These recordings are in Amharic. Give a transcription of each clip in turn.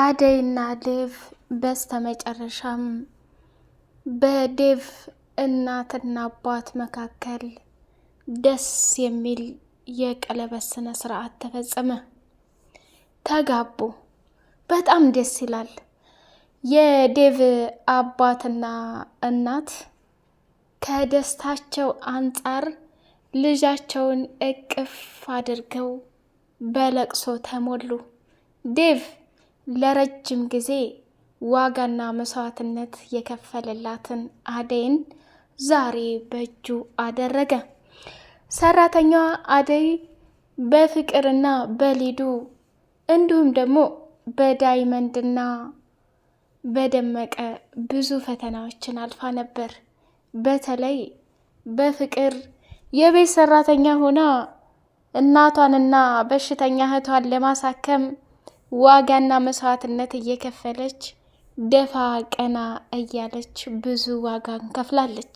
አደይ እና ዴቭ በስተመጨረሻም በዴቭ እናትና አባት መካከል ደስ የሚል የቀለበት ስነ ስርዓት ተፈጸመ። ተጋቡ። በጣም ደስ ይላል። የዴቭ አባትና እናት ከደስታቸው አንጻር ልጃቸውን እቅፍ አድርገው በለቅሶ ተሞሉ። ዴቭ ለረጅም ጊዜ ዋጋና መስዋዕትነት የከፈለላትን አደይን ዛሬ በእጁ አደረገ። ሰራተኛዋ አደይ በፍቅርና በሊዱ እንዲሁም ደግሞ በዳይመንድና በደመቀ ብዙ ፈተናዎችን አልፋ ነበር። በተለይ በፍቅር የቤት ሰራተኛ ሆና እናቷንና በሽተኛ እህቷን ለማሳከም ዋጋና መስዋዕትነት እየከፈለች ደፋ ቀና እያለች ብዙ ዋጋ እንከፍላለች።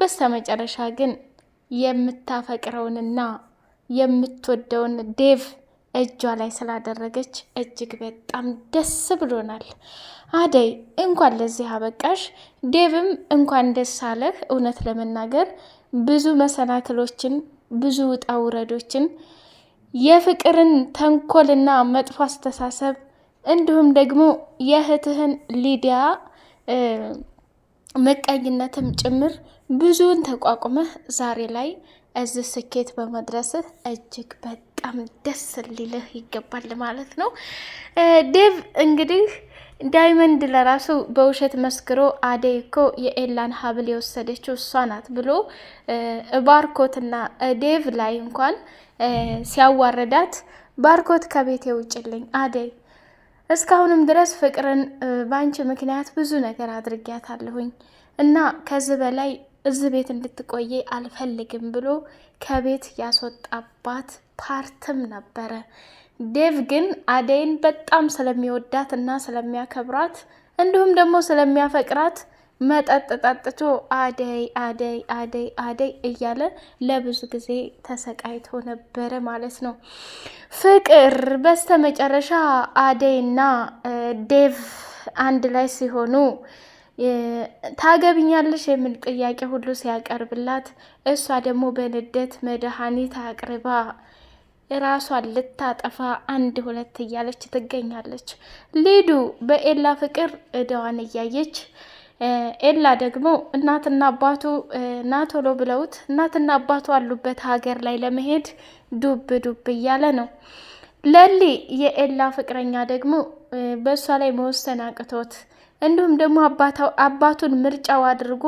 በስተ መጨረሻ ግን የምታፈቅረውንና የምትወደውን ዴቭ እጇ ላይ ስላደረገች እጅግ በጣም ደስ ብሎናል። አደይ እንኳን ለዚህ አበቃሽ፣ ዴቭም እንኳን ደስ አለህ። እውነት ለመናገር ብዙ መሰናክሎችን፣ ብዙ ውጣ ውረዶችን የፍቅርን ተንኮልና መጥፎ አስተሳሰብ እንዲሁም ደግሞ የእህትህን ሊዲያ ምቀኝነትም ጭምር ብዙውን ተቋቁመህ ዛሬ ላይ እዚህ ስኬት በመድረስህ እጅግ በጣም ደስ ሊልህ ይገባል ማለት ነው። ዴቭ እንግዲህ ዳይመንድ ለራሱ በውሸት መስክሮ አደይ እኮ የኤላን ሀብል የወሰደችው እሷ ናት ብሎ ባርኮትና ዴቭ ላይ እንኳን ሲያዋረዳት ባርኮት ከቤት የውጭልኝ አደይ እስካሁንም ድረስ ፍቅርን በአንቺ ምክንያት ብዙ ነገር አድርጊያታለሁኝ እና ከዚህ በላይ እዚህ ቤት እንድትቆየ አልፈልግም ብሎ ከቤት ያስወጣባት ፓርትም ነበረ። ዴቭ ግን አደይን በጣም ስለሚወዳት እና ስለሚያከብራት እንዲሁም ደግሞ ስለሚያፈቅራት መጠጥ ጠጥቶ አደይ አደይ አደይ አደይ እያለ ለብዙ ጊዜ ተሰቃይቶ ነበረ ማለት ነው። ፍቅር በስተመጨረሻ አደይ ና ዴቭ አንድ ላይ ሲሆኑ ታገብኛለሽ የሚል ጥያቄ ሁሉ ሲያቀርብላት እሷ ደግሞ በንዴት መድኃኒት አቅርባ ራሷን ልታጠፋ አንድ ሁለት እያለች ትገኛለች። ሊዱ በኤላ ፍቅር እደዋን እያየች ኤላ ደግሞ እናትና አባቱ ናቶሎ ብለውት እናትና አባቱ አሉበት ሀገር ላይ ለመሄድ ዱብ ዱብ እያለ ነው። ለሊ የኤላ ፍቅረኛ ደግሞ በእሷ ላይ መወሰን አቅቶት እንዲሁም ደግሞ አባቱን ምርጫው አድርጎ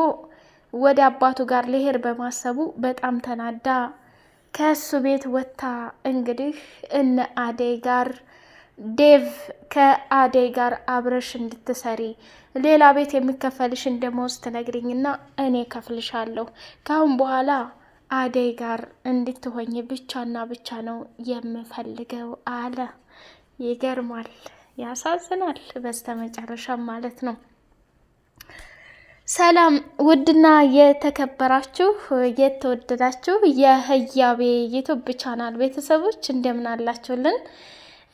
ወደ አባቱ ጋር ልሄድ በማሰቡ በጣም ተናዳ ከእሱ ቤት ወጥታ እንግዲህ እነ አደይ ጋር ዴቭ ከአደይ ጋር አብረሽ እንድትሰሪ ሌላ ቤት የሚከፈልሽን ደሞዝ ትነግሪኝና እኔ ከፍልሻለሁ። ካሁን በኋላ አደይ ጋር እንድትሆኝ ብቻና ብቻ ነው የምፈልገው አለ። ይገርማል። ያሳዝናል። በስተመጨረሻ ማለት ነው። ሰላም ውድና የተከበራችሁ የተወደዳችሁ የህያቤ ዩቱብ ቻናል ቤተሰቦች እንደምን አላችሁልን?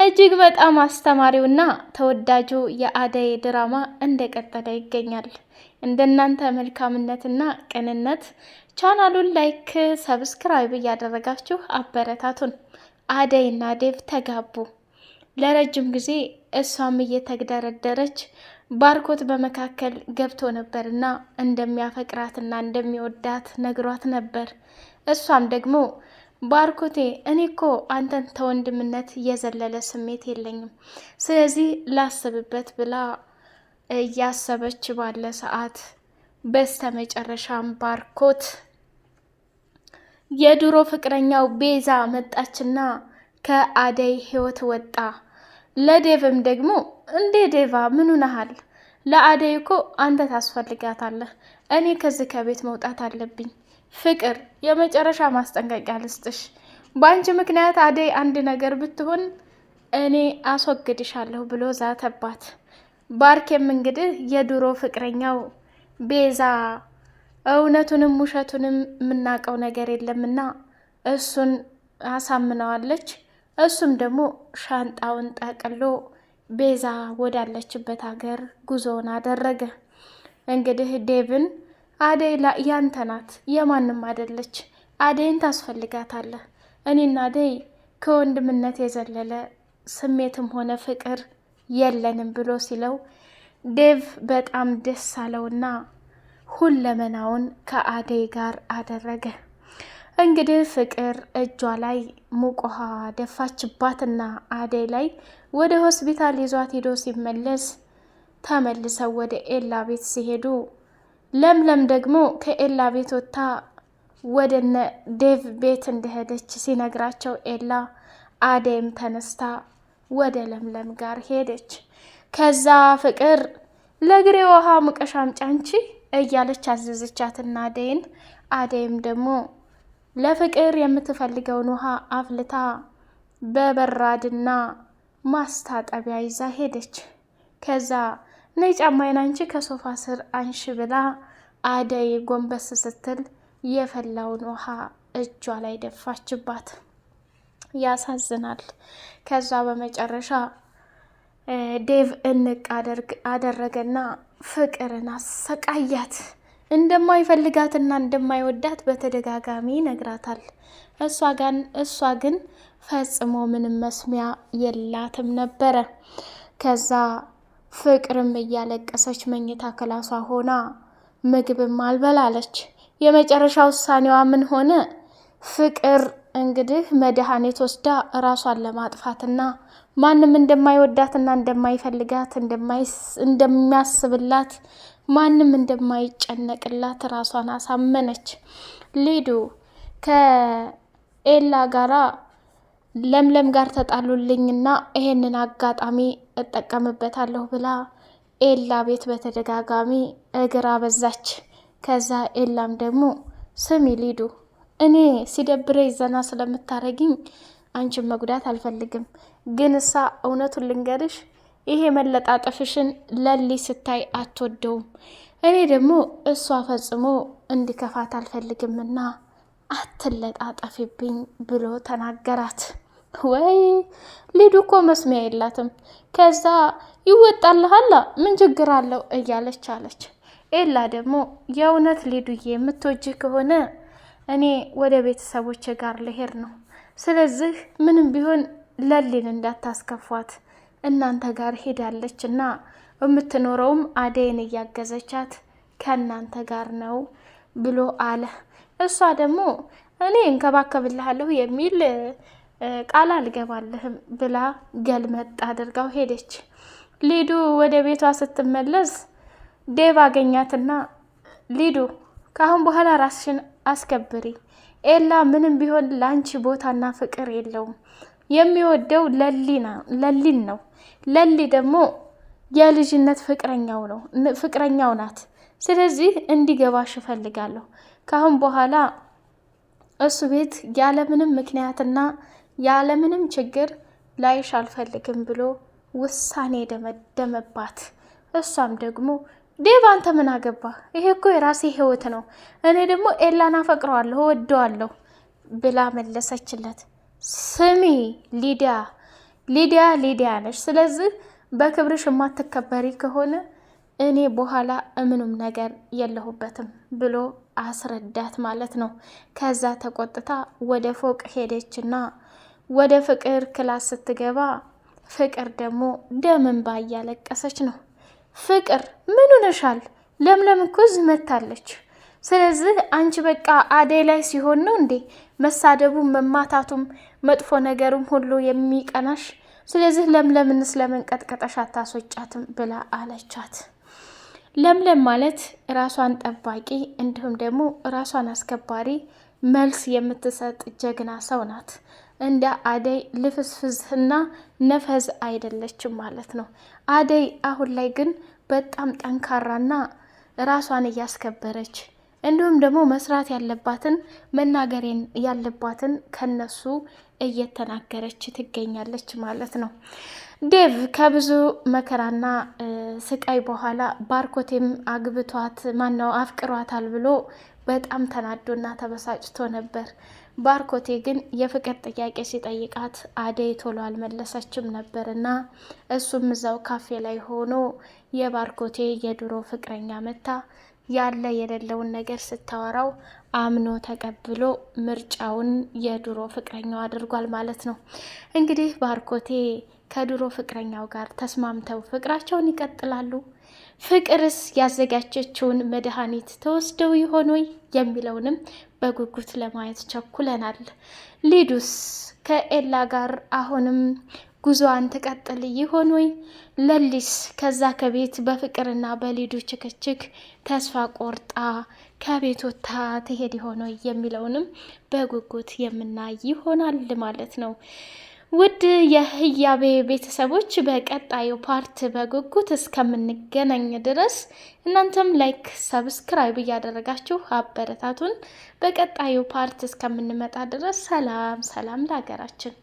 እጅግ በጣም አስተማሪውና ተወዳጁ የአደይ ድራማ እንደቀጠለ ይገኛል። እንደናንተ መልካምነትና ቅንነት ቻናሉን ላይክ፣ ሰብስክራይብ እያደረጋችሁ አበረታቱን። አደይና ዴቭ ተጋቡ። ለረጅም ጊዜ እሷም እየተግደረደረች ባርኮት በመካከል ገብቶ ነበርና እንደሚያፈቅራትና እንደሚወዳት ነግሯት ነበር። እሷም ደግሞ ባርኮቴ እኔ እኮ አንተን ተወንድምነት የዘለለ ስሜት የለኝም፣ ስለዚህ ላስብበት ብላ እያሰበች ባለ ሰዓት በስተ መጨረሻም ባርኮት የድሮ ፍቅረኛው ቤዛ መጣችና ከአደይ ህይወት ወጣ። ለዴቭም ደግሞ እንዴ ዴቫ ምን ሆነሃል? ለአደይ እኮ አንተ ታስፈልጋታለህ። እኔ ከዚህ ከቤት መውጣት አለብኝ። ፍቅር የመጨረሻ ማስጠንቀቂያ ልስጥሽ። በአንቺ ምክንያት አደይ አንድ ነገር ብትሆን እኔ አስወግድሻለሁ ብሎ ዛተባት። ባርኬም እንግዲህ የድሮ ፍቅረኛው ቤዛ እውነቱንም ውሸቱንም የምናውቀው ነገር የለምና እሱን አሳምነዋለች። እሱም ደግሞ ሻንጣውን ጠቅሎ ቤዛ ወዳለችበት ሀገር ጉዞውን አደረገ። እንግዲህ ዴቭን አደይ ያንተ ናት፣ የማንም አደለች፣ አደይን ታስፈልጋታለህ። እኔና አደይ ከወንድምነት የዘለለ ስሜትም ሆነ ፍቅር የለንም ብሎ ሲለው ዴቭ በጣም ደስ አለውና ሁለመናውን ከአደይ ጋር አደረገ። እንግዲህ ፍቅር እጇ ላይ ሙቅ ውሃ ደፋችባትና አደይ ላይ ወደ ሆስፒታል ይዟት ሄዶ ሲመለስ ተመልሰው ወደ ኤላ ቤት ሲሄዱ ለምለም ደግሞ ከኤላ ቤት ወጥታ ወደነ ዴቭ ቤት እንደሄደች ሲነግራቸው ኤላ አደይም ተነስታ ወደ ለምለም ጋር ሄደች። ከዛ ፍቅር ለግሬ ውሃ ሙቀሻ አምጪ አንቺ እያለች አዘዘቻትና አደይን አደይም ደግሞ ለፍቅር የምትፈልገውን ውሃ አፍልታ በበራድና ማስታጠቢያ ይዛ ሄደች። ከዛ ነይ ጫማዬን አንቺ ከሶፋ ስር አንሺ ብላ አደይ ጎንበስ ስትል የፈላውን ውሃ እጇ ላይ ደፋችባት። ያሳዝናል። ከዛ በመጨረሻ ዴቭ እንቅ አደረገና ፍቅርን አሰቃያት። እንደማይፈልጋትና እንደማይወዳት በተደጋጋሚ ይነግራታል። እሷ ግን ፈጽሞ ምንም መስሚያ የላትም ነበረ። ከዛ ፍቅርም እያለቀሰች መኝታ ክላሷ ሆና ምግብም አልበላለች። የመጨረሻ ውሳኔዋ ምን ሆነ? ፍቅር እንግዲህ መድኃኒት ወስዳ እራሷን ለማጥፋትና ማንም እንደማይወዳትና እንደማይፈልጋት እንደሚያስብላት ማንም እንደማይጨነቅላት ራሷን አሳመነች። ሊዱ ከኤላ ጋራ ለምለም ጋር ተጣሉልኝና ይሄንን አጋጣሚ እጠቀምበታለሁ ብላ ኤላ ቤት በተደጋጋሚ እግር አበዛች። ከዛ ኤላም ደግሞ ስሚ ሊዱ፣ እኔ ሲደብረኝ ዘና ስለምታረግኝ አንቺን መጉዳት አልፈልግም፣ ግን እሳ እውነቱን ልንገርሽ ይሄ መለጣጠፍሽን ለሊ ስታይ አትወደውም። እኔ ደግሞ እሷ ፈጽሞ እንዲከፋት አልፈልግምና አትለጣጠፊብኝ ብሎ ተናገራት። ወይ ሊዱ እኮ መስሚያ የላትም። ከዛ ይወጣልሃላ ምን ችግር አለው እያለች አለች። ኤላ ደግሞ የእውነት ሊዱዬ የምትወጅ ከሆነ እኔ ወደ ቤተሰቦች ጋር ልሄድ ነው። ስለዚህ ምንም ቢሆን ለሊን እንዳታስከፏት እናንተ ጋር ሄዳለች እና የምትኖረውም አደይን እያገዘቻት ከእናንተ ጋር ነው ብሎ አለ። እሷ ደግሞ እኔ እንከባከብልሃለሁ የሚል ቃል አልገባልህም ብላ ገልመጥ አድርጋው ሄደች። ሊዱ ወደ ቤቷ ስትመለስ ዴቭ አገኛትና ሊዱ ከአሁን በኋላ ራስሽን አስከብሪ፣ ኤላ ምንም ቢሆን ለአንቺ ቦታና ፍቅር የለውም የሚወደው ለሊን ነው። ለሊ ደግሞ የልጅነት ፍቅረኛው ነው ፍቅረኛው ናት። ስለዚህ እንዲገባሽ እፈልጋለሁ። ካሁን በኋላ እሱ ቤት ያለምንም ምክንያትና ያለምንም ችግር ላይሽ አልፈልግም ብሎ ውሳኔ ደመደመባት። እሷም ደግሞ ዴቭ አንተ ምን አገባ? ይሄ እኮ የራሴ ህይወት ነው። እኔ ደግሞ ኤላን አፈቅረዋለሁ፣ እወደዋለሁ ብላ መለሰችለት። ስሚ ሊዲያ ሊዲያ ሊዲያ ነሽ። ስለዚህ በክብርሽ የማትከበሪ ከሆነ እኔ በኋላ እምኑም ነገር የለሁበትም ብሎ አስረዳት ማለት ነው። ከዛ ተቆጥታ ወደ ፎቅ ሄደችና ወደ ፍቅር ክላስ ስትገባ ፍቅር ደግሞ ደምን እንባ እያለቀሰች ነው። ፍቅር ምን ሆነሻል? ለምለም እኮ ዝመታለች። ስለዚህ አንቺ በቃ አደይ ላይ ሲሆን ነው እንዴ መሳደቡም መማታቱም መጥፎ ነገርም ሁሉ የሚቀናሽ ስለዚህ ለምለምን ቀጥቀጠሽ አታስወጫትም ብላ አለቻት። ለምለም ማለት ራሷን ጠባቂ እንዲሁም ደግሞ ራሷን አስከባሪ መልስ የምትሰጥ ጀግና ሰው ናት። እንደ አደይ ልፍስፍዝህና ነፈዝ አይደለችም ማለት ነው። አደይ አሁን ላይ ግን በጣም ጠንካራና ራሷን እያስከበረች እንዲሁም ደግሞ መስራት ያለባትን መናገሬን ያለባትን ከነሱ እየተናገረች ትገኛለች ማለት ነው። ዴቭ ከብዙ መከራና ስቃይ በኋላ ባርኮቴም አግብቷት ማነው አፍቅሯታል ብሎ በጣም ተናዶና ተበሳጭቶ ነበር። ባርኮቴ ግን የፍቅር ጥያቄ ሲጠይቃት አደይ ቶሎ አልመለሰችም ነበር እና እሱም እዛው ካፌ ላይ ሆኖ የባርኮቴ የድሮ ፍቅረኛ መታ ያለ የሌለውን ነገር ስታወራው አምኖ ተቀብሎ ምርጫውን የድሮ ፍቅረኛው አድርጓል ማለት ነው። እንግዲህ ባርኮቴ ከድሮ ፍቅረኛው ጋር ተስማምተው ፍቅራቸውን ይቀጥላሉ። ፍቅርስ ያዘጋጀችውን መድኃኒት ተወስደው ይሆን ወይ የሚለውንም በጉጉት ለማየት ቸኩለናል። ሊዱስ ከኤላ ጋር አሁንም ጉዞዋን ትቀጥል ይሆን ወይ? ለሊስ ከዛ ከቤት በፍቅርና በሊዱ ችክችክ ተስፋ ቆርጣ ከቤት ወጥታ ትሄድ ይሆን ወይ የሚለውንም በጉጉት የምናይ ይሆናል ማለት ነው። ውድ የህያቤ ቤተሰቦች በቀጣዩ ፓርት በጉጉት እስከምንገናኝ ድረስ እናንተም ላይክ፣ ሰብስክራይብ እያደረጋችሁ አበረታቱን። በቀጣዩ ፓርት እስከምንመጣ ድረስ ሰላም ሰላም ለሀገራችን።